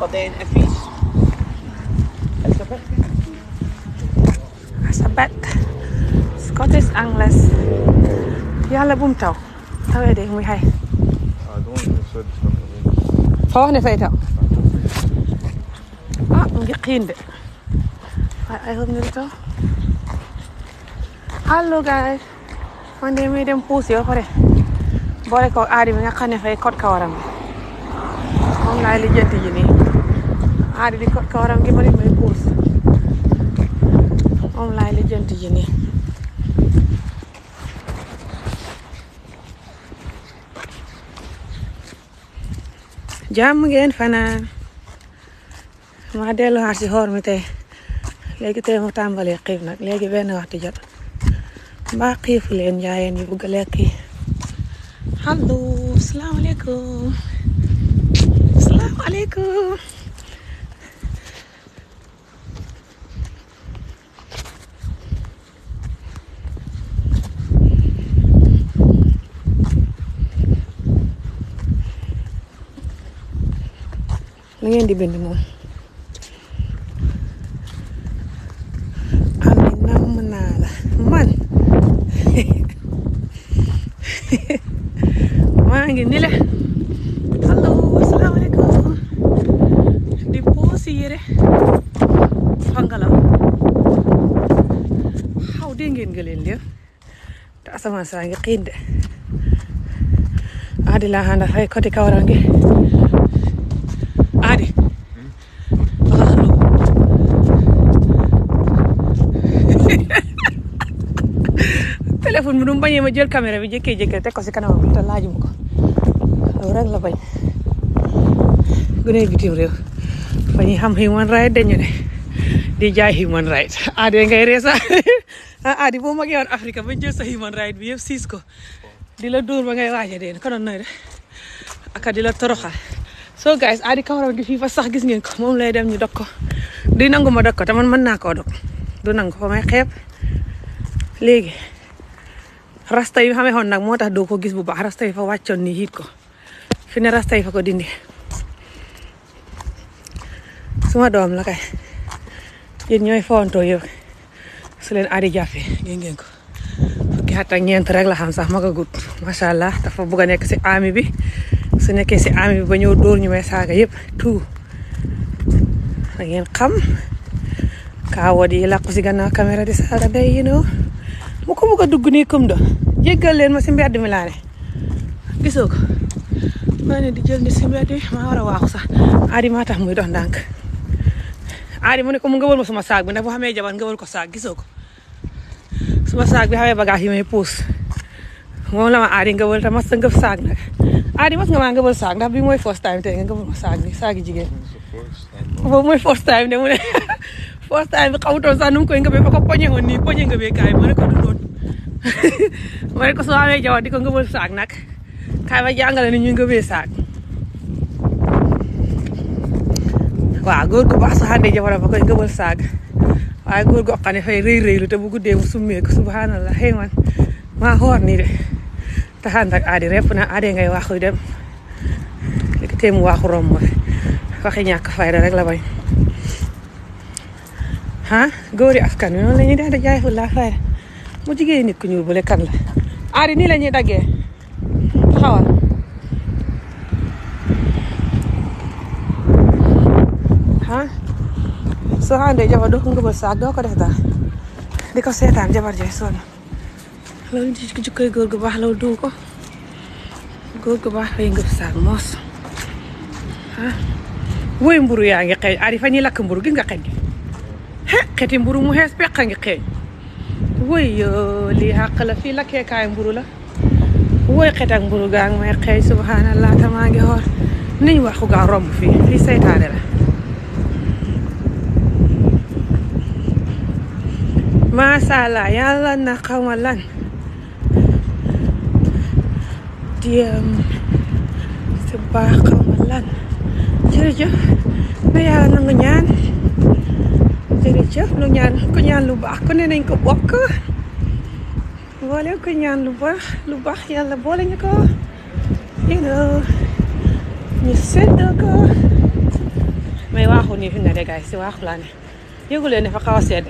قطعين أفيش السبت السبت Scottish Anglers yàlla bum taw tawee de muy xay foo wax ne fay taw ah mu ne du taw allo guys man de muy dem puus yoo pare boole ko aadi bi nga xam ne fay eh, kot kawaram bi moom laay lijjanti ji nii aadi di kot kawaram gi ma nit may puus moom laay lijjanti ji nii jàmm ngeen fanaan ma dellu xaar si xoor mi tey léegi tey mu tàmbalee xiif nag léegi benn waxtu jot mbaa xiifu leen njaayeen yi bugg a lekk yi allo salaamaaleykum salaamaaleykum li ngeen di bind moom ami namm naa la man maa ngi ni la allo asalaamaaleykum di poosi yére fangalaw xaw dee ngeen nga leen leen te asamaan saa ngi xiin de handa fay koti kawrangi téléphone bi du mu ma jël caméra bi jékkee-jékkee teg ko si kanamam te laaju ma ko loolu rek la bañ gune bitim réew fa ñuy xam human right dañu ne di jaay human right aade ngay reesa ah, aadi boo magee woon Afrique ba jël sa human right bi yëpp siis ko di la dóor ba ngay waaja deen konoon nooy de aka di la toroxal so guys aadi kawaram gi fii fa sax gis ngeen ko moom lay dem ñu dog ko di nangu ma dog ko te man mën naa ko dog du nangu ko may xeeb léegi rasta yi xamee xoon nag moo tax doo ko gis bu baax rasta yi fa wàccoon ni hiit ko fi ne rasta yi fa ko dindi suma doom la kay yéen ñooy foontoo yow su leen aadi jàppee ngeen ko fukki at ak ñeent rek la xam sax ma ko gudd allah dafa bugg a nekk si ami bi su nekkee si ami bi ba ñëw dóor ñu may saaga yëpp tout da ngeen xam kaawoo di làqu si gannaaw caméra di saaga day yéenoo bu ko bugg a dugg nii comme da jéggal leen ma si mbedd mi laa ne gisoo ko maa ne di jël nit si mbedd mi tax muy dox ndànk aadi mu ne ko mu nga wër ma suma saag bi ndax bu xamee jabar nga wër ko saag gisoo ko suma saag bi xamee bagage yi may puus moom la ma aadi nga wër ta mas nga saag nag aadi mas nga maa nga wër saag ndax bi mooy first time tey nga wër ma saag bi saagi jigéen boobu first time de mu ne koy ngëbee ba ko poñe woon nii poñe ngëbee kaay ma ma ne ko soo amee jabar di ko ngëbal saak nag kaay ma jàngale ni ñuy ngëbee saak waaw góor gu baax su àndee jabaram ba koy ngëbal saak waaye góor gu xam ne fay rëy rëylu te bu guddee mu summeeku subhanallah xëy man maa xoor nii de taxaan ak aadi repp na aadee ngay waxu dem li mu waxu romb waxi ñàkk fayda rek la bañ ah góori askan wi noonu la ñuy def de jaay fu laa mu jigéen nit ku ñuul bële kan la aari nii la dage daggee taxawal ah soo àndee jabar doo ko ngëbal saak doo ko def daal di ko seetaan jabar jooy sonn loolu ci jikkoy góor gu baax loolu du ko góor gu baax fay ngëb saak moos ah woy mburu yaa ngi xeeñ aari fa ñuy lakk mburu gis nga xet gi mburu mu xees peq a ngi xeeñ woy lii xàq la fii lakkeekaay mburu la woy xet ak mburu gaa ngi may xëy subhanallah tamaa ngi xoor niñ waxu romb fii fii seytaane la maasàllaa yàlla na xawma lan di si baax xawma lan jërëjëf na yàlla nangu ñaan jërëjëf lu ñaan ku ñaan lu baax ku ne nañ ko bokk boole ku ñaan lu baax lu baax yàlla boole ñu ko ñu séddoo ko may waaxu fi ne de si waaxu laa ne yëgu leen dafa xaw a sedd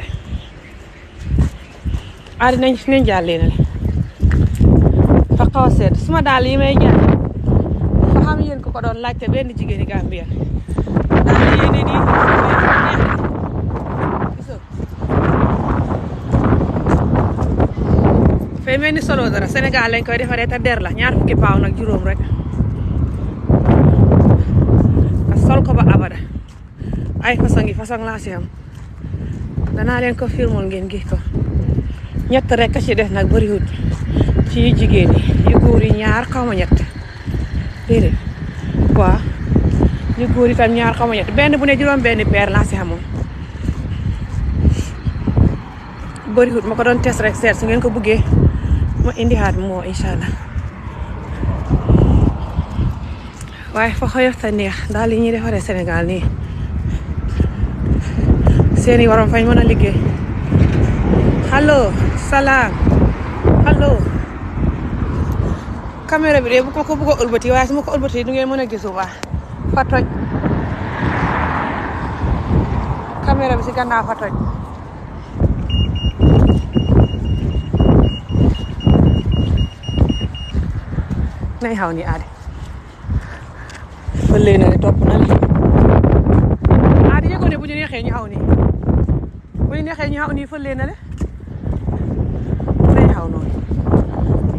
aadi nañ nañ jàllee na le xaw a sedd suma daal yi may ñaan dafa xam yéen ko ko doon laajte benn jigéeni Gambien daal yéen nii fay mel ni solo dara senegal lañ koy defaree ta der la ñaar fukki paaw nag juróom rek nga sol ko ba abada ay façon yi façon laa si am danaa leen ko firmul ngeen gis ko ñett rek a ci des nag bëriwut ci yi yu góor yi ñaar xaw ma ñett déedéet waaw yi tam ñaar xaw benn bu ne juróom benn peer laa si amoon bëriwut ma ko doon test rek seet su ngeen ko bëggee ma indi haat moo incha waaye fa xoyof ta neex daal li ñuy defaree senegal nii seen i waroon fañ mën a liggéey allo salaam allo caméra bi de bu ko ko bëgg a ëlbati waaye su ma ko ëlbati du ngeen mën a gisu baax fa toj caméra bi si gannaaw fa toj nay xaw ni aadi ba léegi nag topp na la aadi yëgoo bu ñu neexee ñu xaw nii bu ñu neexee ñu xaw nii fële na le day xaw noonu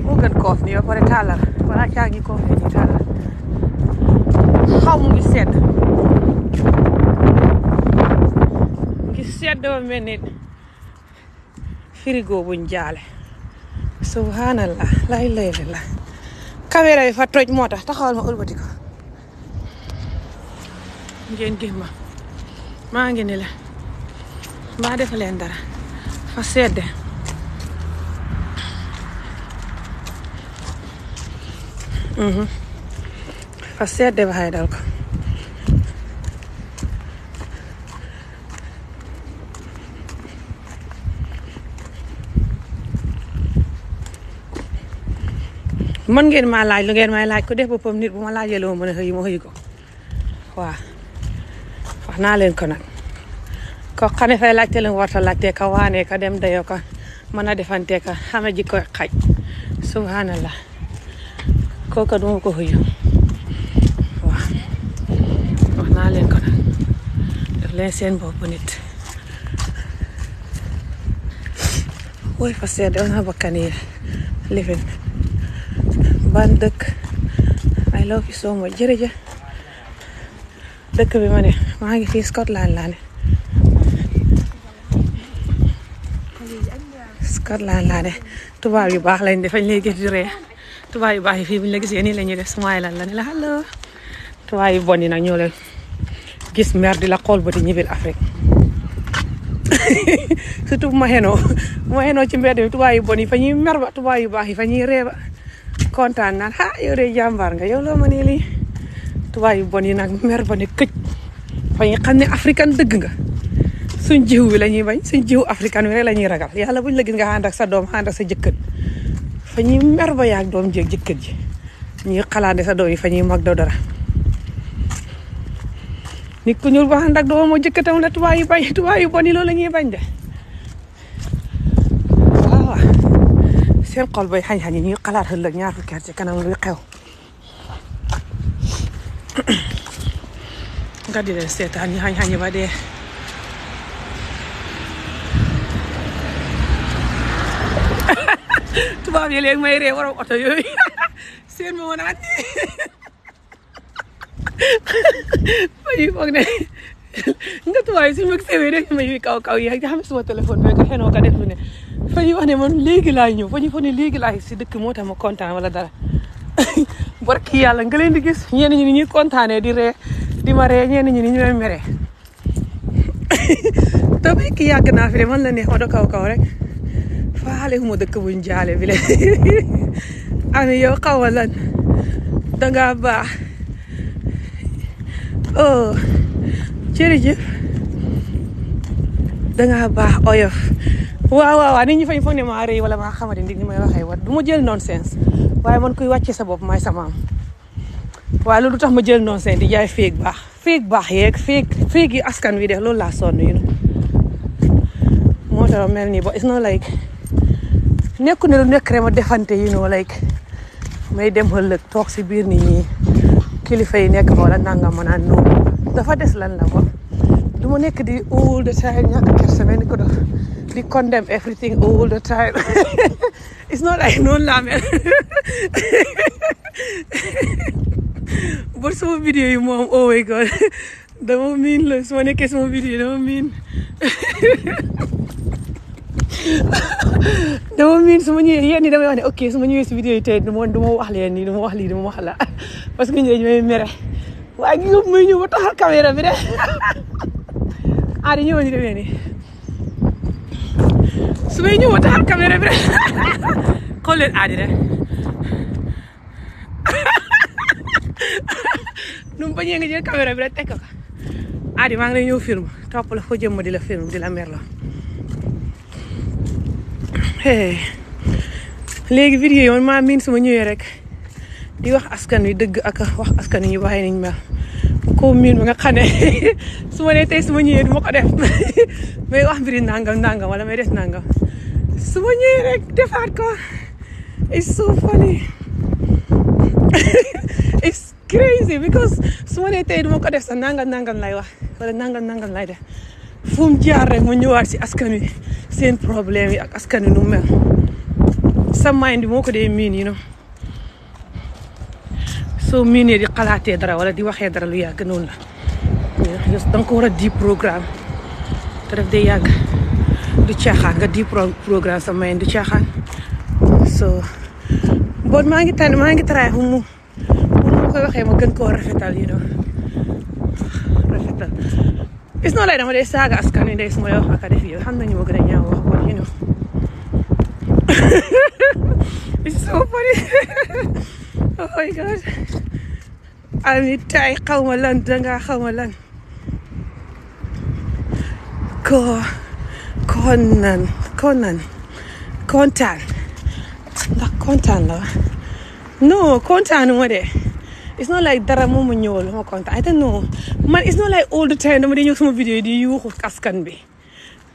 moo gën koof nii ba pare taalal wala caa ngi koof nii taalal xaw mu ngi sedd ngi sedd ba mel ni frigo buñ jaale subhanallah lay lay la caméra bi fa toj moo tax taxawal ma ëlbati ko ngeen gis ma maa ngi ni la mbaa def leen dara fa sedde mhm. fa sedde ba xay dal ko mën ngeen ma laaj lu ngeen may laaj ku def boppam nit bu ma laajee lu ma mën a xëy ma xëy ko waaw naa leen ko nag ko xane fay laajte leen warta laajte ka waane ka dem dayoo ka mën a defante ka xame jikko xaj subhanallah kooka du ma ko xëyu waaw wax naa leen ko nag def leen seen bopp nit woy fa seede ona bakkan yi lifin ban dëkk I love you so much jërëjëf dëkk bi ma ne maa ngi fii Scotland laa ne Scotland laa ne yu baax lañ defañ lay gis di ree tubaab yu baax yi fii bu la gisee nii la ñuy def smile la ne la hello tubaab yu bon yi nag ñoo lay gis mer la xool ba di ñibbil bu ma xenoo bu ma xenoo ci bi tubaab fa ñuy mer ba tubaab fa ñuy ree kontaan naan ah yow de jàmbaar nga yow loo ma ne lii tubaab yu bon yi nag mer ba këj fa ñu xam ni africain dëgg nga suñ jiw bi la bañ suñ jiw africain bi rek la ñuy ragal yàlla buñ la gis nga ànd ak sa doom ànd ak sa jëkkër fa ñuy mer ba yaag doom jéeg jëkkër ji ñuy xalaande sa doom yi fa ñuy mag do dara nit ku ñuul ba ànd ak doomam moo jëkkëram la tubaab yu bañ tubaab yu bon yi loolu la bañ de seen xol bay xañ-xañ yi ñuy xalaat ëllëg ñaar fukki at ci kanam luy xew nga di leen seetaan ñu xañ-xañ yi ba dee tubaab yi léegi may ree waram oto yooyu seen ma woon aat ma yi foog ne nga tubaab yi suñu mag sewee def ma yuy kaw kaw yi ak xam suma téléphone bi nga xenoo ka def lu ne fa ñuy wax ne man léegi laay ñëw fa ñu fa ne léegi laay si dëkk moo tax ma kontaan wala dara barki yàlla nga leen di gis ñenn ñi ni ñuy kontaanee di ree di ma ree ñenn ñi ni ñu leen meree te fekk yàgg naa fi de man la neex ma kaw kaw rek faale huma dëkk buñ jaale bi le ami yow xaw ma lan dangaa baax oh ji dangaa baax oyof waaw waaw nit ñi fañ foog ne maa rëy wala maa xamante di ni may waxee wat du ma jël nonsense waaye man kuy wàcce sa bopp maay sa maam waaye loolu tax ma jël nonsense di jaay féeg baax féeg baax yeeg féeg féeg yi askan wi def loolu laa sonn yu moo tax mel nii ba is na like nekku ne lu nekk rek ma defante yi noo like may dem ëllëg toog si biir nit ñi kilifa yi nekk ma wala nangam ma naan noonu dafa des lan la ba du ma nekk di all time ñàkk we condemn everything all the time. it's not like noonu laa mel but sama vidéo yi moom oh god dama miin la su ma nekkee sama vidéo dama miin dama miin su ma ñëwee yéen ñi damay wax ne ok su ma ñëwee si vidéo yi tey du wax leen nii du ma wax lii du ma wax la parce que ñooñu may mere waaye gi nga may ñëw ba taxal caméra bi de ah di ñu demee nii su may ñëwoon taxal caméra bi rek xool leen aadi rek nu mu bañee nga jël caméra maa ngi lay ñëw film topp la foo jëm ma di la film di la merloo léegi vidéo yi man miin su ma ñëwee rek di wax askan wi dëgg ak wax askan wi ñu bàyyi nañ mel ko miin bi nga xam ne ma nee tey su ma ñëwee du ma ko wax mbiri nangam nangam wala may def nangam su ma ñëwee defaat ko it's so funny it's crazy because su ma nee tey du ma ko def sa nangam nangam lay wax wala nangam nangam lay def fu mu jaar rek mu ñëwaat si askan wi seen problème yi ak askan wi nu mel sa mind bi moo ko dee miin you know soo miinee di xalaatee dara wala di waxee dara lu yàgg noonu la da nga ko war a di programme te def day yàgg du caaxaan nga di programme sama yéen du caaxaan so bon maa ngi tànn maa ngi taraay pour koy waxee ma gën koo rafetal you know rafetal is noo lay dama day saaga askan wi day su ma wax ak a def yow xam nañu gën a ñaaw wax bon you know it's so funny oh my god amit tay xaw ma lan danga xaw ma lan ko kon kon konan kontaan ndax kontaan la non kontaanuma de it's not like dara moom mu ñëwal lu ma kontaan te non man it's not like all the time dama di ñëw sama vidéo di yuuxu askan bi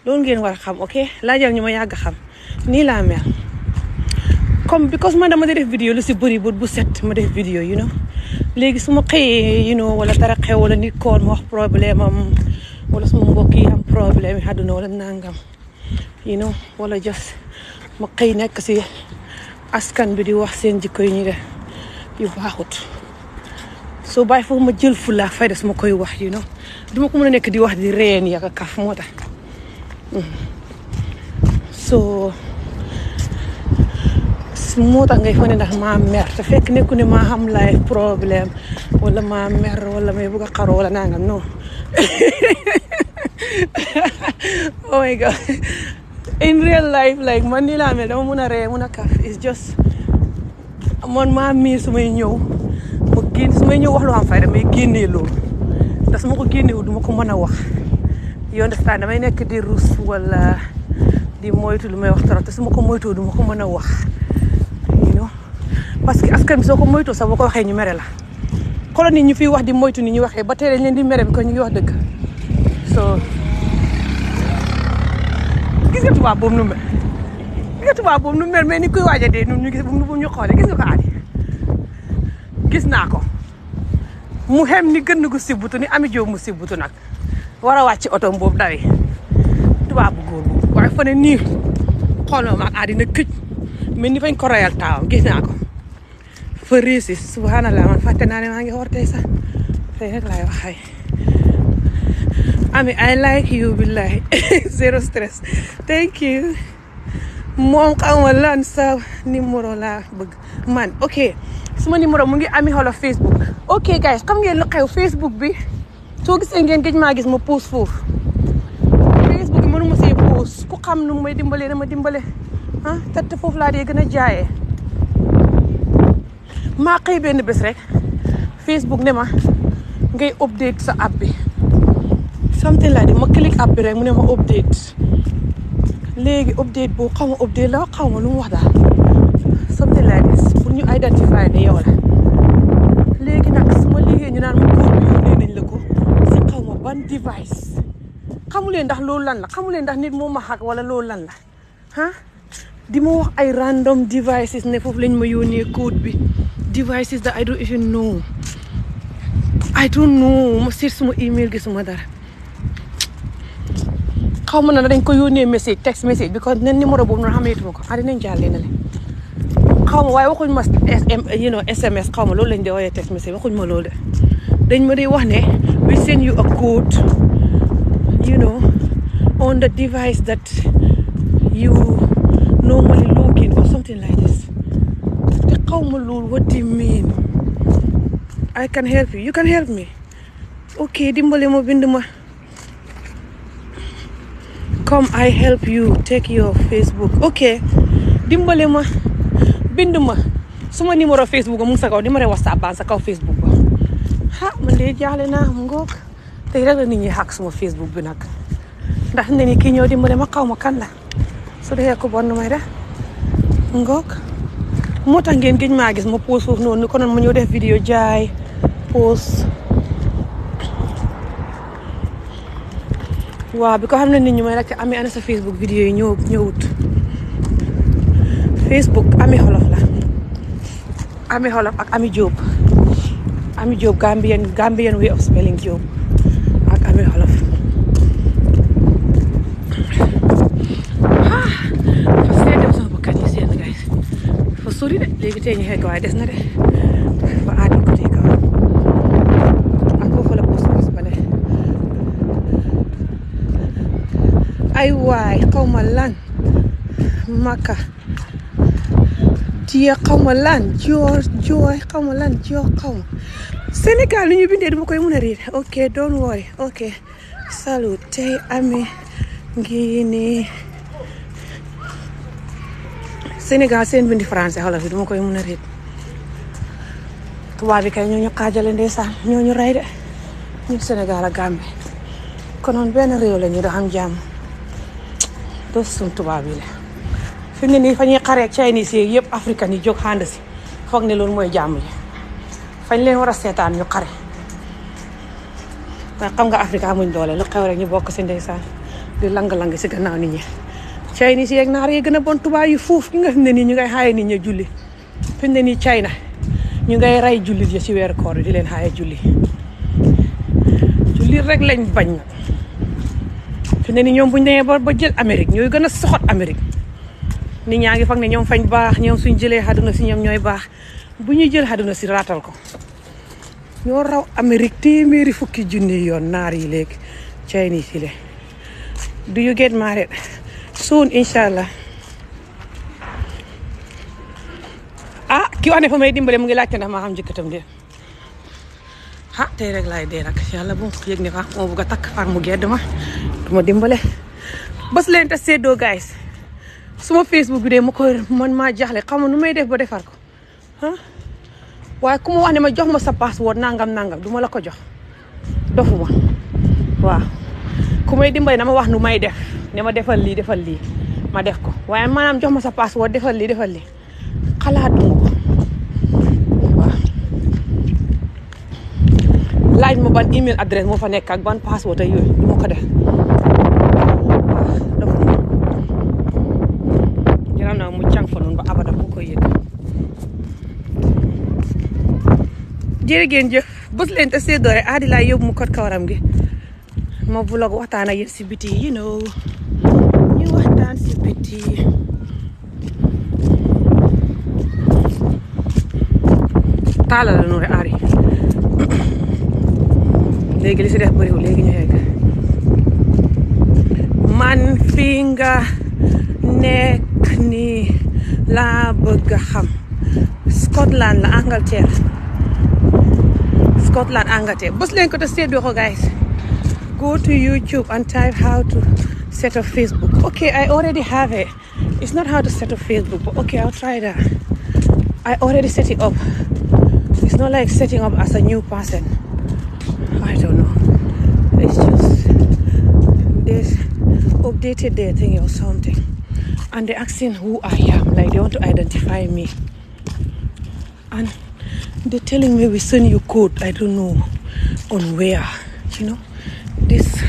loolu ngeen war a xam ok laajal ñu ma yàgg xam nii laa mel comme because man dama di def vidéo lu si bëri bët bu set ma def vidéo yu know léegi su ma xëyee you know wala dara xew wala nit koon ma wax problème am wala suma mbokk yi am problème yi àdduna walla nangam. you know wala just ma xëy nekk si askan bi di wax seen jikko yi ñu def yu baaxut soo bàyyi foofu ma jël fulla ak fayda su ma koy wax you know duma ko mën nekk di wax di reen yàgg ak kaf moo tax mm-hmm. so moo tax ngay foog ne ndax maa mer te fekk nekku ne maa am life problème wala maa mer wala may bëgg a xaroo wala nangam non oh in real life like man nii laa mel dama mun a ree mun a kaf it's just man maa miir su may ñëw ma génn su may ñëw wax lu am fayda may génnee loolu te su ma ko génneewul duma ko mën a wax you understand damay nekk di ruus wala di moytu lu may wax trop te su ma ko moytoo duma ko mën a wax you know parce que askan bi soo ko moytoo sax boo ko waxee ñu mere la kolo ni ñu fiy wax di moytu ni ñu waxee ba tey dañ leen di mere bi ko ñu ngi wax dëgg gis nga tubaab boobu nu mel gis ni kuy waaj a dee ñu gis bu ñu naa ko mu xem ni gën gu sibbutu ni am joo mu sibbutu nag war a wàcc otoom boobu dawe tubaabu bu góor boobu waaye fa ne nii xooloo ma ak aadina këj mel ni fañ ko royal taawam gis naa ko fa réussir subhanallah man fàtte naa ne maa ngi xoor sax tey rek laay waxay I mean, I like you, billahi. Zero stress. Thank you. moom xam nga lan sa numéro laa bëgg man ok suma numéro mu ngi Ami Olof Facebook ok guys xam ngeen lu xew Facebook bi soo gisee ngeen gëj maa gis ma post foofu Facebook bi mënu ma post ku xam nu may dimbalee ma dimbale ah tett foofu laa dee gën a jaayee maa xëy benn bés rek Facebook ne ma ngay update sa app bi something like that ma click app bi rek mu ne ma update léegi update boobu xaw ma update la xaw ma lu mu wax daal something like this pour ñu identifier ne yow la léegi nag su ma liggéey ñu naan ma la ko si xaw ma ban device xamuleen ndax loolu lan la xamuleen ndax nit moo ma xag wala loolu lan la ah di ma wax ay random devices ne foofu lañ ma yónnee code bi devices that I don't even know I don't know ma seet suma email gisuma dara xaw ma na dañ ko yónnee message text message bi ko nen numéro boobu noonu xam ne ituma ko ah dinañ jàllee na leen xaw ma waaye waxuñ ma SM SMS xaw ma loolu lañ dee wooyee text message waxuñ ma loolu de dañ ma de wax ne we send you a code you know on the device that you normally log in or something like this te xaw ma loolu what you mean I can help you you can help me ok dimbale ma bind ma. comme I help you take your Facebook ok dimbale ma bind ma suma numéro Facebook mu ngi sa kaw numéro WhatsApp baa sa kaw Facebook ba ah man de jaaxle naa mu ngoog tey rek la nit ñi xàq suma Facebook bi nag ndax ne ni kii ñëw dimbale ma xaw ma kan la su dee ko bon may def ngook moo tax ngeen gëj maa gis ma post foofu noonu konoon ma ñëw def vidéo jaay post. waaw bi ko xam ne nit ñi may nag ami ana sa Facebook vidéo yi ñëw ñëwut Facebook ami xolof la ami xolof ak ami Diop ami Diop Gambian Gambian way of spelling Diop ak ami xolof ah, fas yéene dem de léegi tey ñu xegg waaye des na de ay waay xaw ma lan maka jiye xaw ma lan joor jooy xaw ma lan joo xaw ma Sénégal lu ñu bindee duma koy mën a riir ok don't worry ok salut tey ami ngi Sénégal seen bindi français wala fi duma koy mën a riir tubaab kay ñoo ñu xaajale ndeysaan ñoo ñu rey de ñun Sénégal ak Gambie konoon benn réew la ñu doon am jàmm doo suñ tubaab yi la fi mu ne nii fa ñuy xaree ak Chinese yi yëpp africain yi jóg xànd si foog ne loolu mooy jàmm yi fañ leen war a seetaan ñu xare ndax xam nga Afrique amuñ doole lu xew rek ñu bokk si ndeysaan di lang-lang si gannaaw nit ñi Chinese yeeg naar yi gën a bon yi fuuf ki nga fi ne nii ñu ngay xaaye nit ñi julli fi mu ne nii China ñu ngay rey jullit si ci koor yi di leen xaaye julli jullit rek lañ bañ fi ne ni ñoom bu ñu demee ba ba jël Amérique ñooy gën a soxot Amérique nit ñaa ngi foog ne ñoom fañ baax ñoom suñ jëlee àdduna si ñoom ñooy baax bu ñuy jël àdduna si ratal ko ñoo raw Amérique téeméeri fukki junni yoon naar yi léegi Chinese yi le do you get married soon incha allah a ah, ki wax ne fa may dimbale mu ngi laajte ndax ma xam njëkkatam de ah tey rek laay dee nag yàlla bu yëg ne fa ah, moo bugg a takk far mu gedd ma du ma dimbale bés leen te seddoo guys suma facebook bi dee ma koy man maa jaxle xam nu may def ba defar ko ah waaye ku ma jox ma sa password nangam nangam du ma la ko jox dofuma waaw ku may dimbale na ma wax nu may def ne ma defal lii defal lii ma def ko waaye maanaam jox ma sa password defal lii defal lii xalaat laaj ma ban email adresse moo fa nekk ak ban password ak yooyu du ko def mu càng yëg jërë ngeen jëf bës leen te séedoo rek aadi laay yóbbu mu kot kawaram gi ma vlog waxtaan ak yéen si biti you know ñu waxtaan si biti taalal noonu rek aadi léegi li si def bëriwul léegi man fii nga nekk nii laa bëgg xam Scotland la Angleterre Scotland Angleterre bës leen ko te seddoo ko guys go to YouTube and type how to set up Facebook okay I already have it it's not how to set up Facebook but okay I'll try that I already set it up it's not like setting up as a new person I don't know. It's just they updated their thing or something, and they're asking who I am. Like they want to identify me, and they're telling me we send you code. I don't know on where. You know, this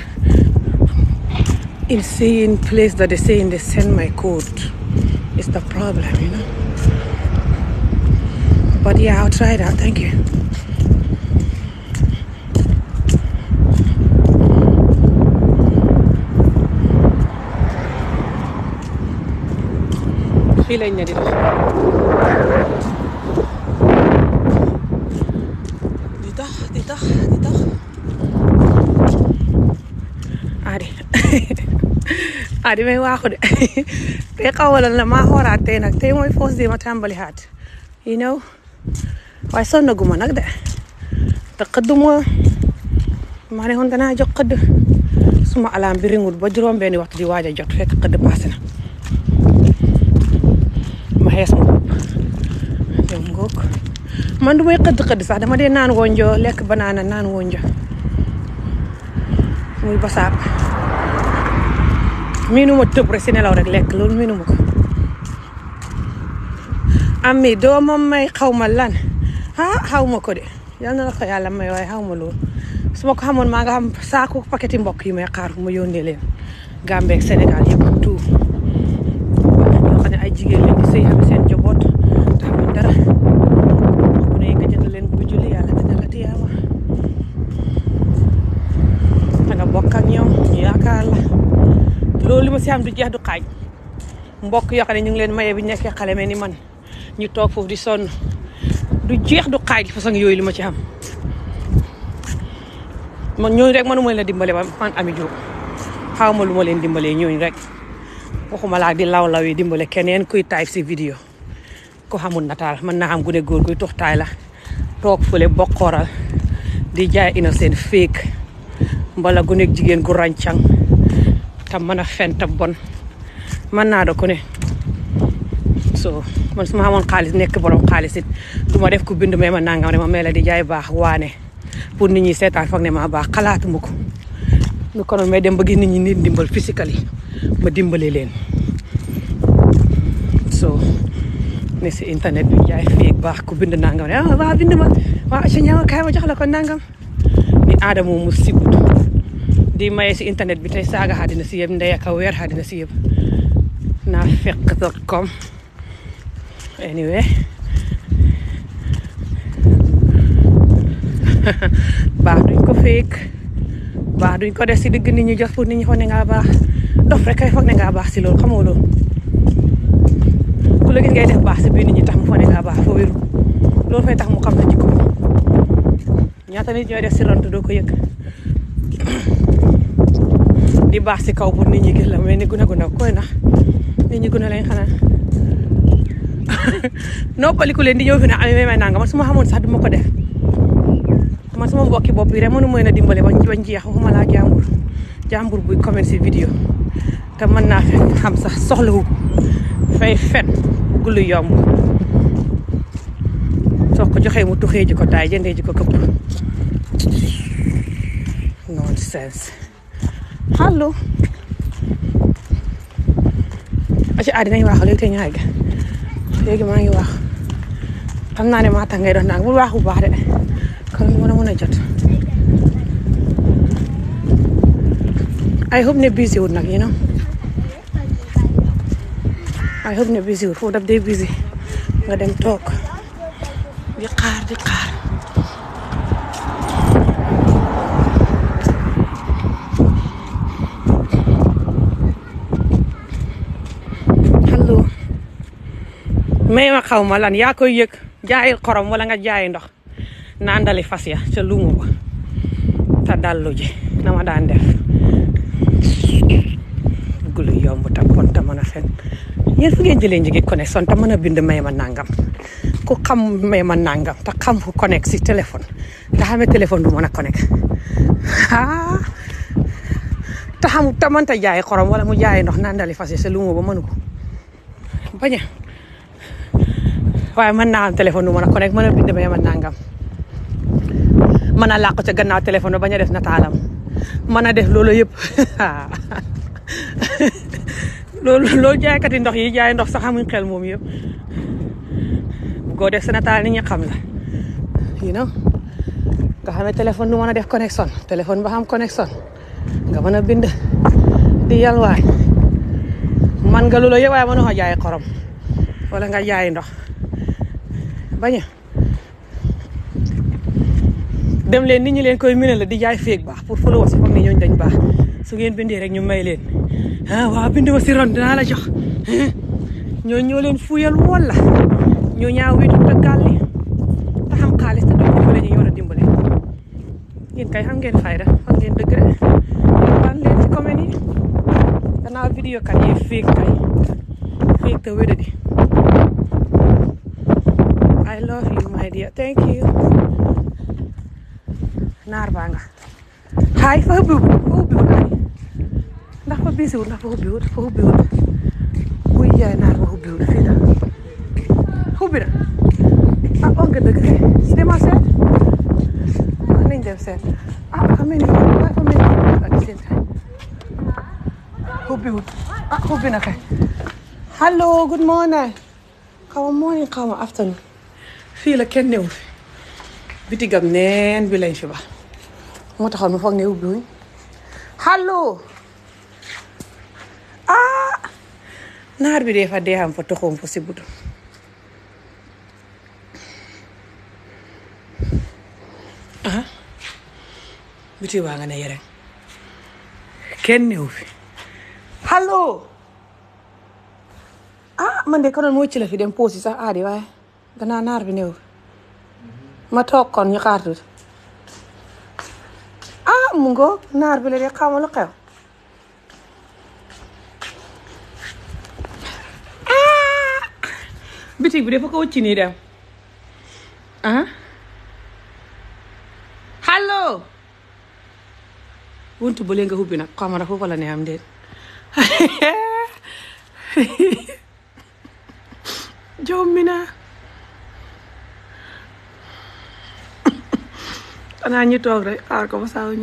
insane place that they're saying they send my code is the problem. You know. But yeah, I'll try that. Thank you. fii lañ ne di dox di dox di dox aadi aadi may waaxu de tey xawalal na maa xoolaat nag tey mooy foos di ma tàmbali xaat you know waaye sonnaguma nag de te xëdduma maa ne woon danaa jox xëdd suma alam bi ringul ba juróom benni waxtu di waaj a jot fekk xëdd paase na xees moom yow man du may xëdd xëdd sax dama dee naan wonjo lekk banaana naan wonjo muy basaab miinuma tëb rek si nelaw rek lekk loolu miinuma ko ami doomam may xawma lan ah xawma ko de yal na la ko yàlla may waaye xawma loolu su ma ko xamoon maa nga xam saako paketi mbokk yi may xaar mu yónnee leen Gambie ak Sénégal yëpp tout ay jigéen lañ di sëy am seen njaboot te amuñ dara ku ne nga leen bu julli yàlla dina la tiyaaba da nga bokk ak ñoom ñu yaakaar la loolu li ma si am du jeex du xaaj mbokk yoo xam ne ñu ngi leen maye bi nekkee xale mel ni man ñu toog foofu di sonn du jeex du xaaj façon yooyu li ma ci am man ñooñu rek mënu ma leen dimbale ba man Ami Jóob xaw ma lu ma leen dimbalee ñooñu rek waxuma laa di law dimbale keneen kuy taay si vidéo ko xamul nataal mën naa xam gune góor guy tux la toog fële bokkooral di jaay ina seen féeg gune jigéen gu ràncang te mën a fen bon mën naa da ko ne so man su ma xamoon xaalis nekk borom xaalis it ma def ku bind may ma nangam ne ma mel di jaay baax waane pour nit seetaan foog ne maa baax xalaatuma ko nu konoon may dem ba gis nit dimbal physique ma dimbale leen so si internet bi yaay fii baax ku bind nangam ne ah waa bind ma waa génial kaay ma jox ko nangam ni aada moom mu sigut di maye si internet bi tey saaga xaadina si yëpp ndey ak a weer xaadina si yëpp naa fekk anyway baax duñ ko fekk waaw duñ ko def si digg nit ñi jox pour nit ñi foog ne ngaa baax dof rek kay foog ne ngaa baax si loolu xamoo loolu ku la gis ngay def baax si biir nit ñi tax mu foog ne ngaa baax foo wéru loolu fay tax mu xam sa jikko ñaata nit def si ront doo ko yëg baax si kaw pour nit ñi gis la mais ni guna guna koy nax nit ñi guna lañ xanaa noppaliku leen di ñëw fi ne amee ah, may nangam man su ma xamoon sax du ma ko def man sama mbokki bopp yi rek mënu mën a dimbale ba ba njeex waxuma laa jàmbur jàmbur buy commerce vidéo te mën naa fen xam sax soxlawu fay fen bugg lu yomb soo ko joxee mu tuxee ji ko taay jëndee ji ko këpp nonsense allo aci aadi nañu wax léegi te ñaay ga léegi maa ngi wax xam naa ne maa tax ngay dox naa bul wax bu baax de kër gi mën a I hope ne busy wut nag you know I hope ne busy wut foofu daf dee toog di xaar di xaar may ma xaw ma yaa koy yëg jaayil xorom wala nga jaayi ndox na andale fas ya ca luumu ba te dallu na ma daan def gulu yomb ta kon te mën a fen yéen fu ngeen jëlee njëgi connexion te mën a bind may ma nangam ku xam may ma nangam ta xam ku connect si téléphone te xamee téléphone du mën a connect ah te xam te mënta jaay xorom wala mu jaay ndox nandali fas yi sa luumu ba mënu ko baña waaye mën naa am téléphone du mën a connect mën a bind may ma nangam mën a làqu ca gannaaw téléphone ba bañ a def nataalam mën a def loolu yëpp loolu loolu jaaykati ndox yi jaay ndox sax amuñ xel moom yëpp goo def sa nataal nit ñi xam la you know nga xam ne téléphone mën a def connexion téléphone ba xam connexion nga mën a bind di yalwaay man nga loolu yëpp waaye mënoo jaay korom wala ga jaay ndox baña dem leen nit ñi leen koy mënal la di jaay feeg baax pour followers si foog ne ñooñu dañ baax su ngeen bindee rek ñu may leen ah waaw bind si ron dinaa la jox eh, ñoo ñoo leen fuyal wala ñoo ñaaw wiitu te gàlli te xam xaalis te duñ dimbale ñu ñoo la dimbale ngeen kay xam fayda xam ngeen dëgg rek daan leen ci comment yi danaa di I love you my dear thank you naar baa nga xaay fa ubbiwul fa ubbiwul xaay ndax fa biisiwul ndax fa ubbiwul fa ubbiwul buy jaay naar ba ubbiwul fii la ubbi na ah on nga dëgg si dema seet ah nañ dem seet ah xam ne nii waaye fa mel ni ak seen xay ubbiwul ah ubbi na kay hello good morning xaw ma morning xaw ma afternoon fii la kenn newul bitigam neen bi lañ fi ba moo taxa mu foog ne ubbi wuñ allo ah naar bi dee fa dee xam fa toxoom fa si butu ah biti waa nga ne yere kenn néew fi allo ah man de konoon moo ci la fi dem poosi sax aadi ah, waaye danaa naar bi néew ma toog kon ñu xaar ah mu naar bi la de xaw ma lu xew ah! bitig bi dafa ko wëcc nii dem ah allo wuntu ba lee nga ubbi nag xaw ma dafa ne am déet xanaa ñi toog rek aar ko ba saabu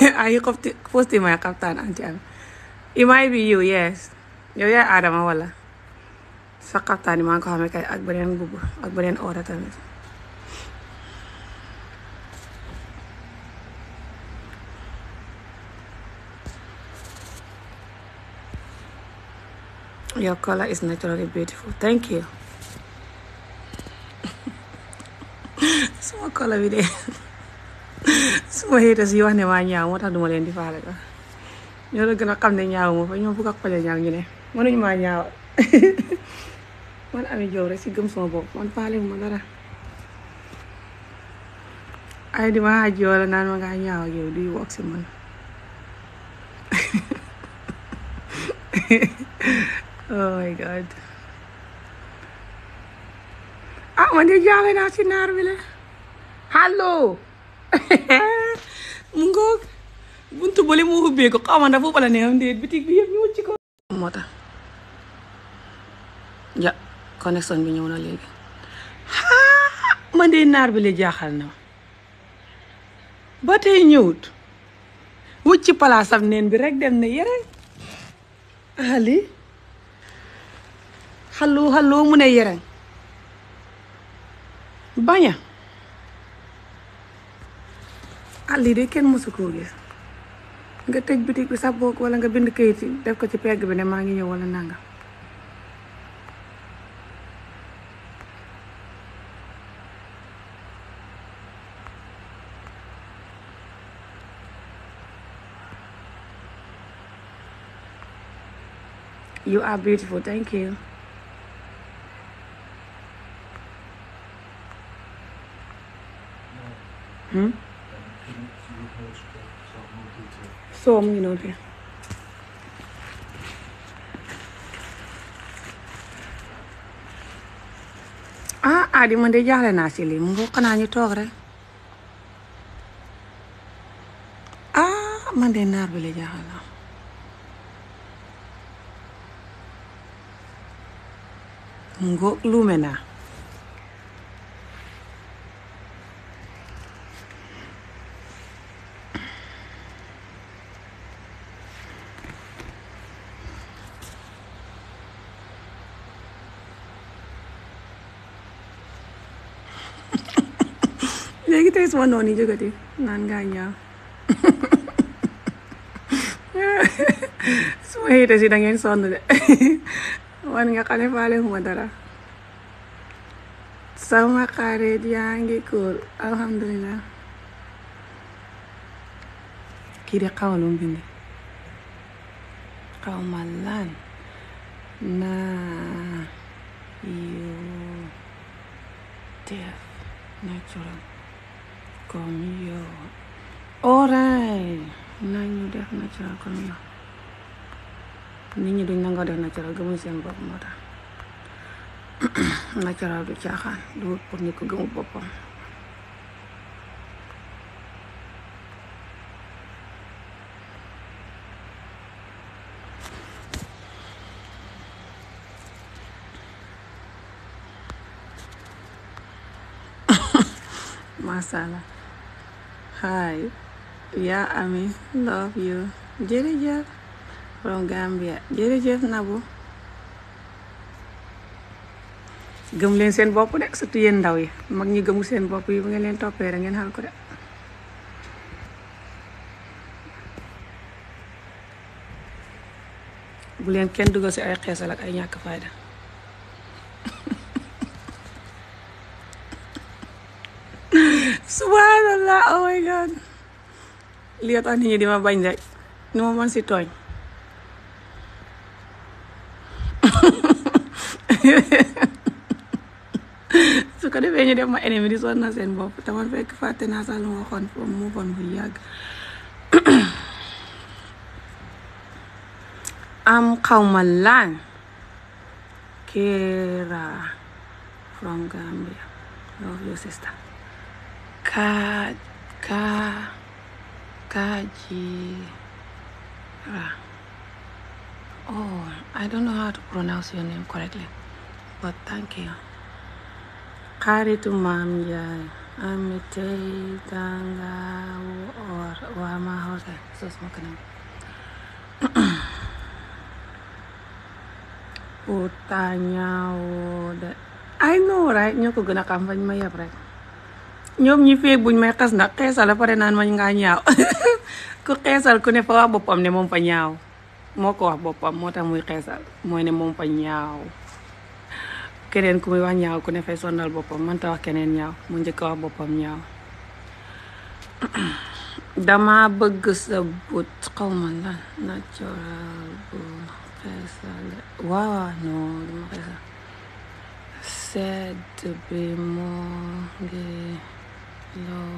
are you posting my kaftan anti Ami it might be you yes yow yaay Adama wala sa kaftan yi maa ngi ko xamee kay ak beneen mbubb ak beneen oora tamit Your color is naturally beautiful. Thank you. Sama color bi de sama haters yi wax ne waa ñaaw moo tax duma leen di faale ko ñoo la gën a xam ne ñaaw moo fa ñoo fukk ak paja ñaaw ñu ne mënuñu maa ñaaw man Ami Jobe si gëm sama bopp man faale ma dara ay di ma xaj wala naan ma nga ñaaw ak yow duy wokk si man oh my god ah man de jaaxle naa si naar bi la mu ngoog buntu bële mu ubbee ko xaw ma ndax la neexam déet bitig bi yëpp ñu wut ko. moo tax ja bi ñëw na léegi man de naar bi la jaaxal na ba tey ñëwut wut palaasam neen bi rek dem na yere ali xallu xallu mu ne yere baña ah lii de kenn mësukoo koo nga tëj bitig bi sax boog wala nga bind kayit yi def ko ci pegg bi ne maa ngi ñëw wala nangam. You are beautiful. Thank you. Hmm? soo mu ngi noonu fii ah aadi naa si lii mu ngi xanaa ñu toog rek ah man naar bi la jaaxle naa mu luume naa léegi tey suma noonu yi jógati naan ngaa ñaaw suma xëyta si da ngeen de wan nga xale faale huma dara sama xarit yaa ngi kóol alhamdulilah kii de xawalum bindi xaw ma lan naa yu def naturel comme yow oray nañu def naturel comme yow nit ñi duñ nangoo def naturel gëmuñ seen bopp moo tax naturel du caaxaan du pour nit ko gëmu boppam masala hi yaa ami love you jërëjëf from Gambia jërëjëf Nabou gëm leen seen bopp de surtout yéen ndaw yi mag ñi gëmul seen bopp yi bu ngeen leen toppee rek ngeen xal ko de bu leen kenn dugal ci ay xeesal ak ay ñàkk fayda subhanallah oh god li tax nit ñi di ma bañ rek nu ma mën si tooñ su ko defee ñu def ma ennemi di sonn na seen bopp taman fekk fàtte naa sax lu ma waxoon mu waxoon bu am xawma laan Kera from Gambia love you sister ka ka Kajira. Oh, I don't know how to pronounce your name correctly, but thank you. Karitu Mam Yai. Amitei Tanga or Wamahose. So smoking. Utanya I know, right? Nyo ko gonna kampanya mayap, right? ñoom ñi buñ ma xas nag xeesal la pare naan ma ngaa ñaaw ku xeesal ku ne fa wax boppam ne moom fa ñaaw moo ko wax boppam moo tax muy xeesal mooy ne moom fa ñaaw keneen ku muy wax ñaaw ku ne fay sondal boppam mën ta wax keneen ñaaw mu njëkk wax boppam ñaaw dama bëgg sa but xaw natural bu xeesal waaw non dama xeesal sedd bi moo mu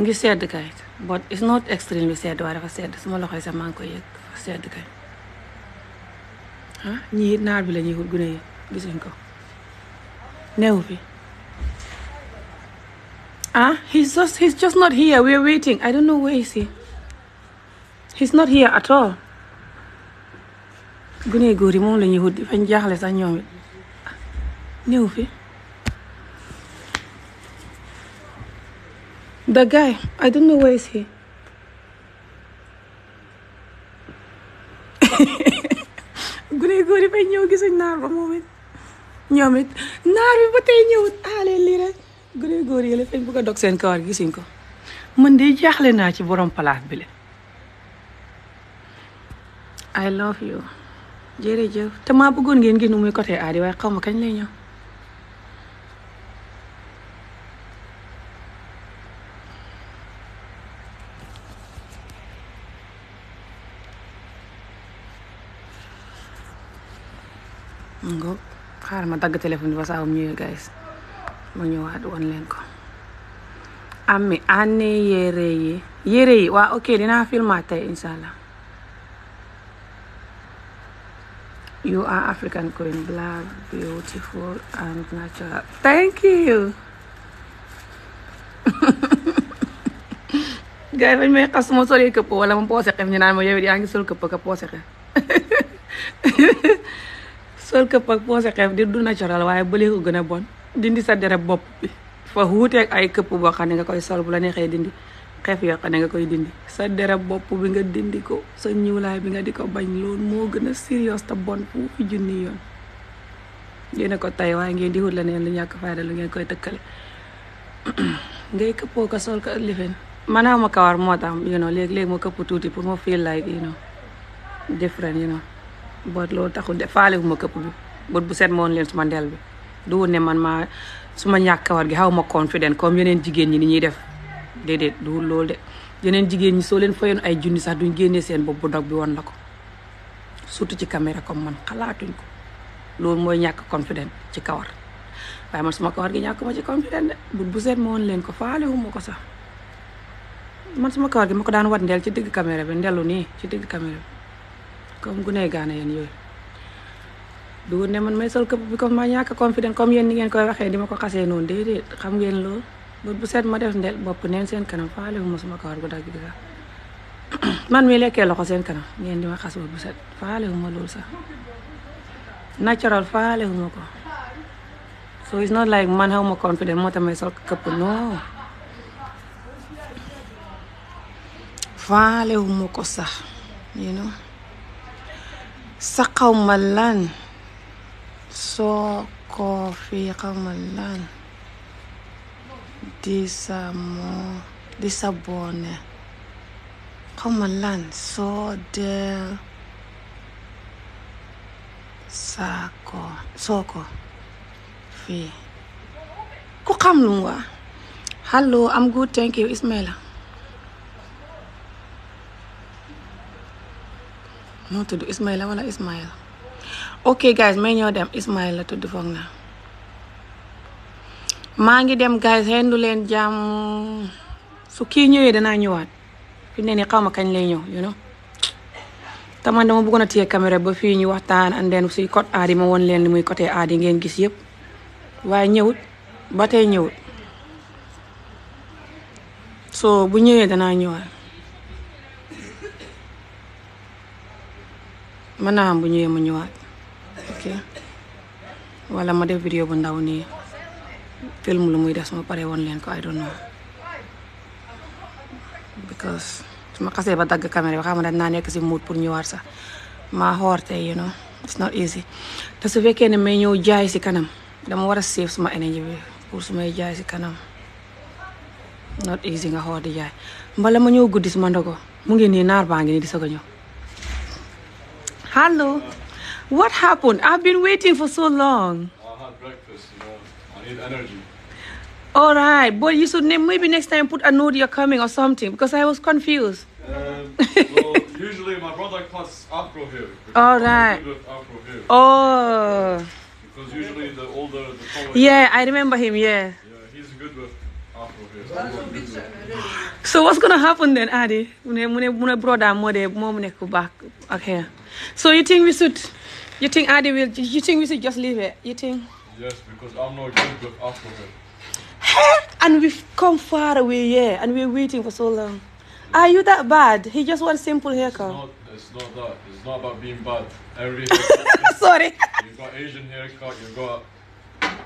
ngi sedd kay but it's not extremely sedd waaye dafa sedd suma loxo sa sax maa ngi koy yëg sedd kay ah naar bi la ñuy wut gune gisuñ ko newu fi ah he's just he's just not here we're waiting I don't know where is he he's not here at all gune góor yi moom la ñuy wut fañ jaaxle sax ñoom newu fi The guy, I don't know where is he. gune góor yi may ñëw gisuñ naar ba moom it ñoom it naar bi ba tey ñëwut aale lii rek gune góor yi la fañ bëgg a dog seen kawar gisuñ ko mën de jaaxle naa ci borom palaas bi la I love you jërëjëf te maa bëggoon ngeen gis nu muy côté aadi waaye xaw ma kañ lay ñëw xaaral ma dagg téléphone bi ba saa am guys ma ñëwaat woon leen ko ami année yére yi yére yi waa ok dinaa filmaat tey incha you are African queen black beautiful and natural thank you gars yi fañ may xas ma solee këpp wala ma poose xem naan ma yow it yaa ngi sol këpp ka poose sol këpp boo poose xeef di du naturel waaye bële ko gën a bon dindi sa dere bopp bi fa wuuteeg ay këpp boo xam ne nga koy sol bu la neexee dindi xeef yoo xam ne nga koy dindi sa dere bopp bi nga dindi ko sa ñuulaay bi nga di ko bañ loolu moo gën a sérieux te bon foofu junni yoon yéen ko tey waaye ngeen di wut la neen lu ñàkk fayda lu ngeen koy tëkkale ngay këppoo ko sol ko lifin maanaam a kawar moo tax you know léegi-léegi ma këpp tuuti pour ma feel like you know different ba loolu taxul de faalewu ma ko bi bët bu set moon leen suma ndel bi du wut ne man maa suma ñàkk kawar gi xaw ma confident comme yeneen jigéen ñi ni ñuy def déedéet du wut loolu de yeneen jigéen ñi soo leen fayoon ay junni sax duñ génnee seen bopp bu dog bi woon la ko surtout ci caméra comme man xalaatuñ ko loolu mooy ñàkk confident ci kawar waaye man suma kawar gi ñàkk ma ci confident de bët bu set moon leen ko faalewu ma ko sax man suma kawar gi ma ko daan wat ndel ci digg caméra bi ndelu ci digg caméra bi comme guney gaana yéen yooyu du ne man may sol këpp bi ma ñàkk confident comme yéen di ngeen koy waxee di ma ko xasee noonu déedéet xam ngeen loolu bët bu set ma def ndel bopp neen seen kanam faale wu ma suma kawar bu dagg bi sax man mi lekkee loxo seen kanam ngeen di ma xas bët bu set faale wu ma loolu sax natural faale wu ma ko so it's not like man xaw ma confident moo tax may sol këpp non faale wu ko sax sa xawma lan soo ko fi xawma lan di sa moo di sa boone xawma lan soo dee saa fii ku xam lu nga hello I'm good thank you Ismaila noo tudd la wala Ismaïla ok guys may ñëw dem Ismaïla tudd foog naa maa ngi dem guys xendu leen jàmm su kii ñëwee danaa ñëwaan fi ne ni xaw ma kañ lay ñëw you know taman dama bëggoon a téye caméra ba fii ñu waxtaan andeen si côté aadi ma woon leen muy côté aadi ngeen gis yëpp waaye ñëwut ba tey ñëwut soo bu ñëwee danaa ñëwaat mën naa bu ñëwee mu ñëwaat ok wala ma def vidéo bu ndaw nii film lu muy def suma pare woon leen ko I don't know because su ma ba dagg caméra bi xam ne naa nekk si mood pour ñëwaat sax maa xoorte you know it's not easy te su fekkee ne may ñëw jaay si kanam dama war a save suma énergie bi pour su may jaay si kanam not easy nga xoor di jaay mbala ma ñëw guddi suma ndogo mu ngi nii naar baa ngi nii di soog a ñëw Hello. What happened? I've been waiting for so long. All right, but you should next time put a note you're coming or something because I was confused. Um, All right. Oh. Yeah, I remember him. Yeah. So what's gonna happen then, Adi? Mune mune mune brother mo de mo mune kubak ak hair. So you think we should? You will? You think we should just leave it? You think? Yes, because not good with alcohol. and we've come far waiting for so long. Are you that bad? He just wants simple haircut. It's not, that. It's not about being bad. Every Sorry. You Asian haircut.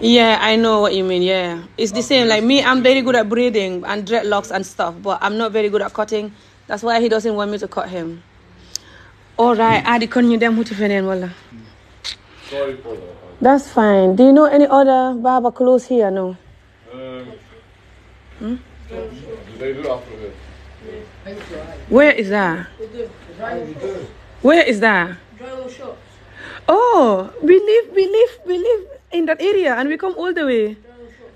Yeah, I know what you mean. Yeah, it's the same. Like me, I'm good at braiding and dreadlocks and stuff, but I'm not good at cutting. That's why he doesn't want to cut him. All right, I did wala. you know any other barber clothes here? No. Um, hmm? Where is that? Oh, we live, we live, we live in that area and we come all the way.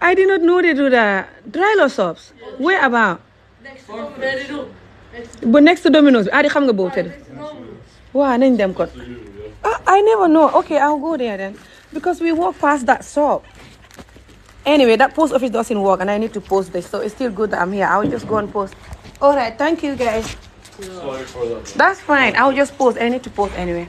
I did not know they do that. Drylosops. Where about? Next to Domino's. But next to Domino's. Ah, xam nga boobu tëdd. Waaw, nañ dem kon. Ah, I never know. Okay, I'll go there then. Because we walk past that shop. Anyway, that post office doesn't work and I need to post this. So it's still good that I'm here. I'll just go and post. All right, thank you guys. That's fine. I need to post anyway.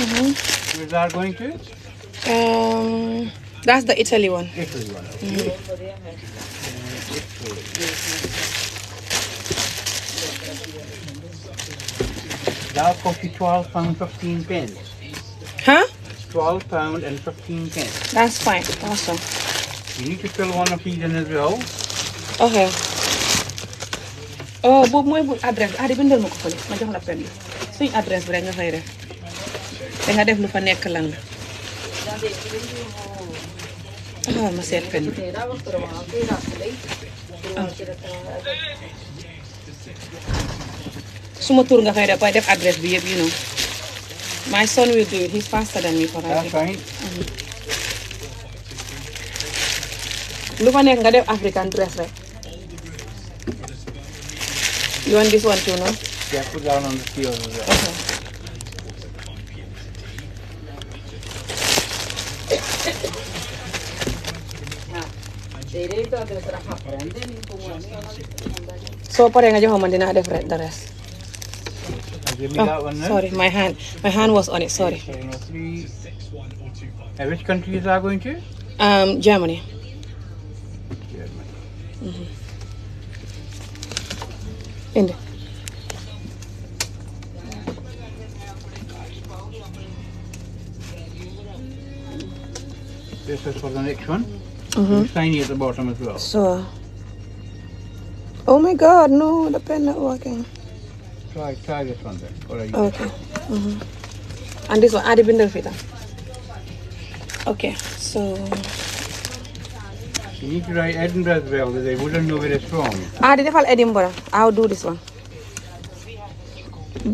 Mm -hmm. Which are going to? Um, that's the Italy one. Italy one. Mm -hmm. That cost you 12 pounds 15 pence. Huh? 12 pounds and 15 pence. That's fine. Awesome. You need to fill one of these in as well. Okay. Oh, boobu mooy bu adresse bi ah di bindal ma ko fële ma jox la pen bi suñu adresse bi rek nga fay def. te nga def lu fa nekk lan la taxawal ah, ma ah. suma tur nga koy def koy def adresse bi yëpp you know my son will do it he's faster than me for mm-hmm. lu fa nekk nga def African dress rek you this one too no direito de otras aprenden y como a mí So parang def the rest. sorry, my hand, my hand was on it. Sorry. Um, Germany. Mm-hmm. shiny at So, oh my God, no, the pen not working. Try, try mm-hmm. And this one, add the bindle feeder. so. Ah, they defal Edinburgh. I'll do this one.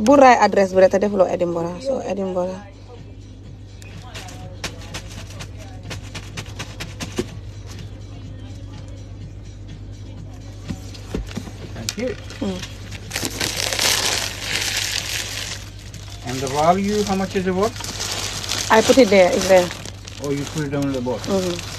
Burai address, but I defal Edinburgh. So Edinburgh. here. Mm. And the value, how much is the box? I put it there, it's there. Oh, you put it down in the box? Mm -hmm.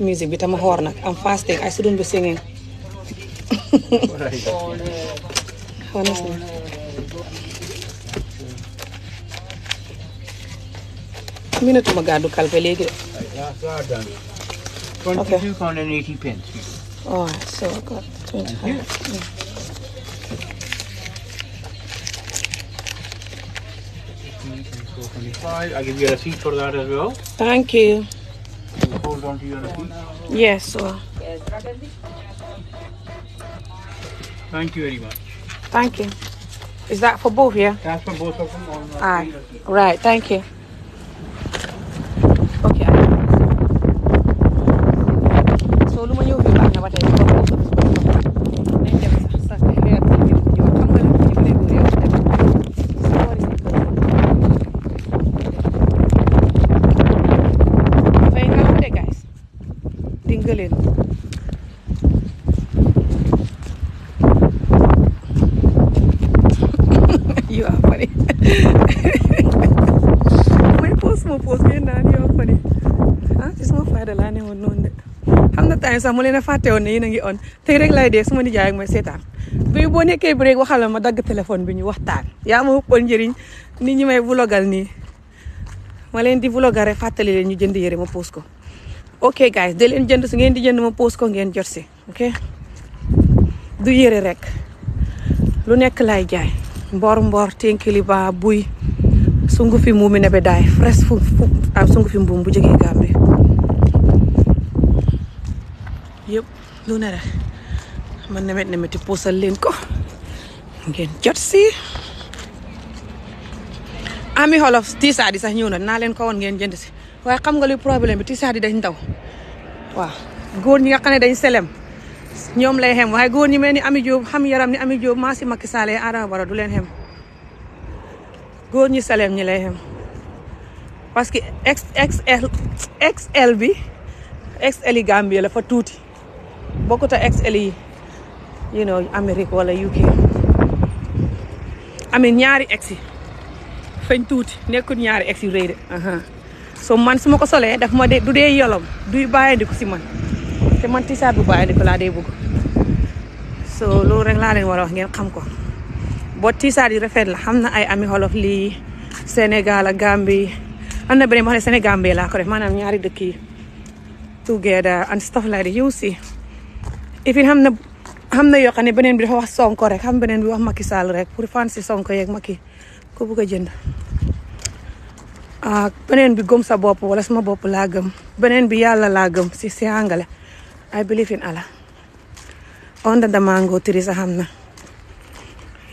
dance music because I'm horny. I'm fasting. Oh, I shouldn't be singing. Honestly. Minute to gadu kalpe legi. Twenty-two pound and eighty Thank you. hold on to your receipt. Yes, sir. Thank you Is that for both, yeah? That's for Right, thank you. yéen sax mu leen a fàtte woon ne yéen a ngi on tey rek lay dee suma nijaay ak mooy seetaan bi boo nekkee bi rek waxal ma dagg téléphone bi ñu waxtaan yaa ma ëppoon njëriñ nit ñi may vlogal nii ma leen di vlogare fàttali leen ñu jënd yére ma poos ko ok guys de leen jënd su ngeen di jënd ma poos ko ngeen jot si ok du yére rek lu nekk lay jaay mboor mboor tenkiliba buy sungu fi muumi nebe daay fres fu am sungu fi mbuum bu jógee Gambie lu ne rek man nemet nemeti puusal leen ko ngeen jot si ami xolof tiisaadi sax ñëw na naa leen ko woon ngeen jënd si waaye xam nga luy problème bi tiisaadi dañ ndaw waaw góor ñi nga xam ne dañ selem ñoom lay xem waaye góor ñi mel ni Ami Jóob xam yaram ni Ami Jóob maa si Macky Sall Adama du leen xem góor ñi selem ñi lay xem parce que XL bi XL yi Gambie la fa tuuti bokkut a XL yi you know Amérique wala UK amin ñaari ex yi fañ tuuti nekkul ñaari ex yu rëy de uh-huh. so man suma ko solee daf ma de du dee yolom duy bàyyandiku si man te man tisaat bu bàyyandiku laa dee bugg so loolu rek laa leen war wax ngeen xam ko boo tisaat yi rafet la xam na ay ami xolof lii Sénégal ak Gambie am na beneen boo xam ne Sénégal laa ko def maanaam ñaari dëkk yi together and stuff like you see et puis xam na xam na yoo xam ne beneen bi dafa wax Sonko rek xam beneen bi wax Macky Sall rek pour fan si Sonko yeeg Macky ko bugg a jënd ah beneen bi gëm sa bopp wala sama bopp laa gëm beneen bi yàlla laa gëm si si angale I believe in Allah on the tree sax xam na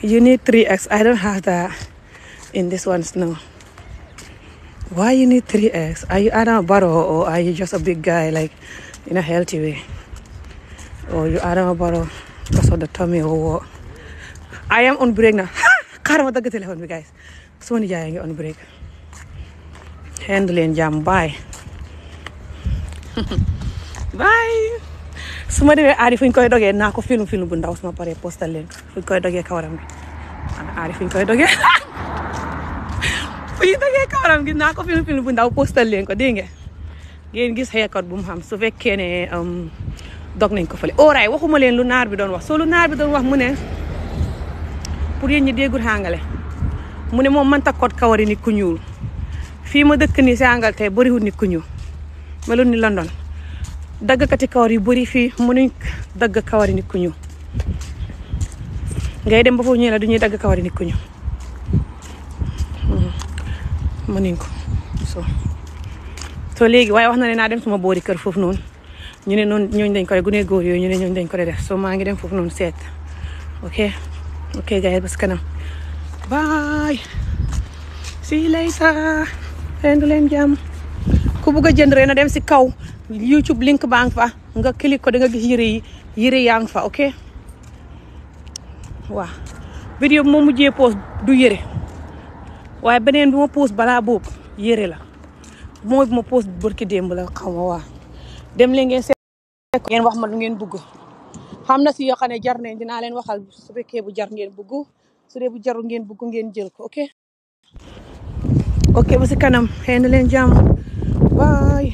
you need three eggs I don't have that in this one no why you need three eggs are you Adama Barrow are you just a big guy like in a healthy way oh yu Adama Barrow because of the tummy I am on break na xaaral ma dagg téléphone bi guys suma nijaay ngi on break xendu leen jàmm bye bye su ma demee aari fuñ koy dogee naa ko film film bu ndaw suma paree postal leen fuñ koy dogee gi ana koy dogee fuñ gi naa ko film film bu ndaw postal leen ko dégg ngeen gis haircut bu mu xam su fekkee dog nañ ko fële ooraay oh, waxuma leen lu naar bi doon wax soo lu naar bi doon wax mu ne pour yéen ñi déggul xàngale mu ne moom man takkoot kawari nit ku ñuul fii ma dëkk nii si Angleterre bëriwul nit ku ñuul melul ni London daggkati kawar yu bëri fii mënuñ dagg kawari ku ñuul ngay dem ba foofu ñu la du dagg kawari nit ku ñuul mënuñ mm-hmm. ko so soo léegi waaye wax na ne naa dem suma boori kër foofu noonu ñu ne noonu ñooñu dañ ko def gune góor yooyu ñu ne ñooñu dañ ko def so maa ngi dem foofu noonu seet ok ok gars yi ba si kanam bye see you later rendu leen jàmm ku bugg a jënd rek na dem si kaw YouTube link baa ngi fa nga click ko da gis yëre yi yëre yaa ngi fa ok waaw vidéo bi moo mujjee post du yére waaye beneen bi ma post balaa boobu yëre la mooy bi ma post bërki démb la xaw ma waa dem leen ngeen ngeen wax ma lu ngeen bugg xam na si yoo xam ne jar ne dinaa leen waxal su fekkee bu jar ngeen bugg su bu jarul ngeen bugg ngeen jël ko ok. ok ba si kanam xëy na leen jàmm bye.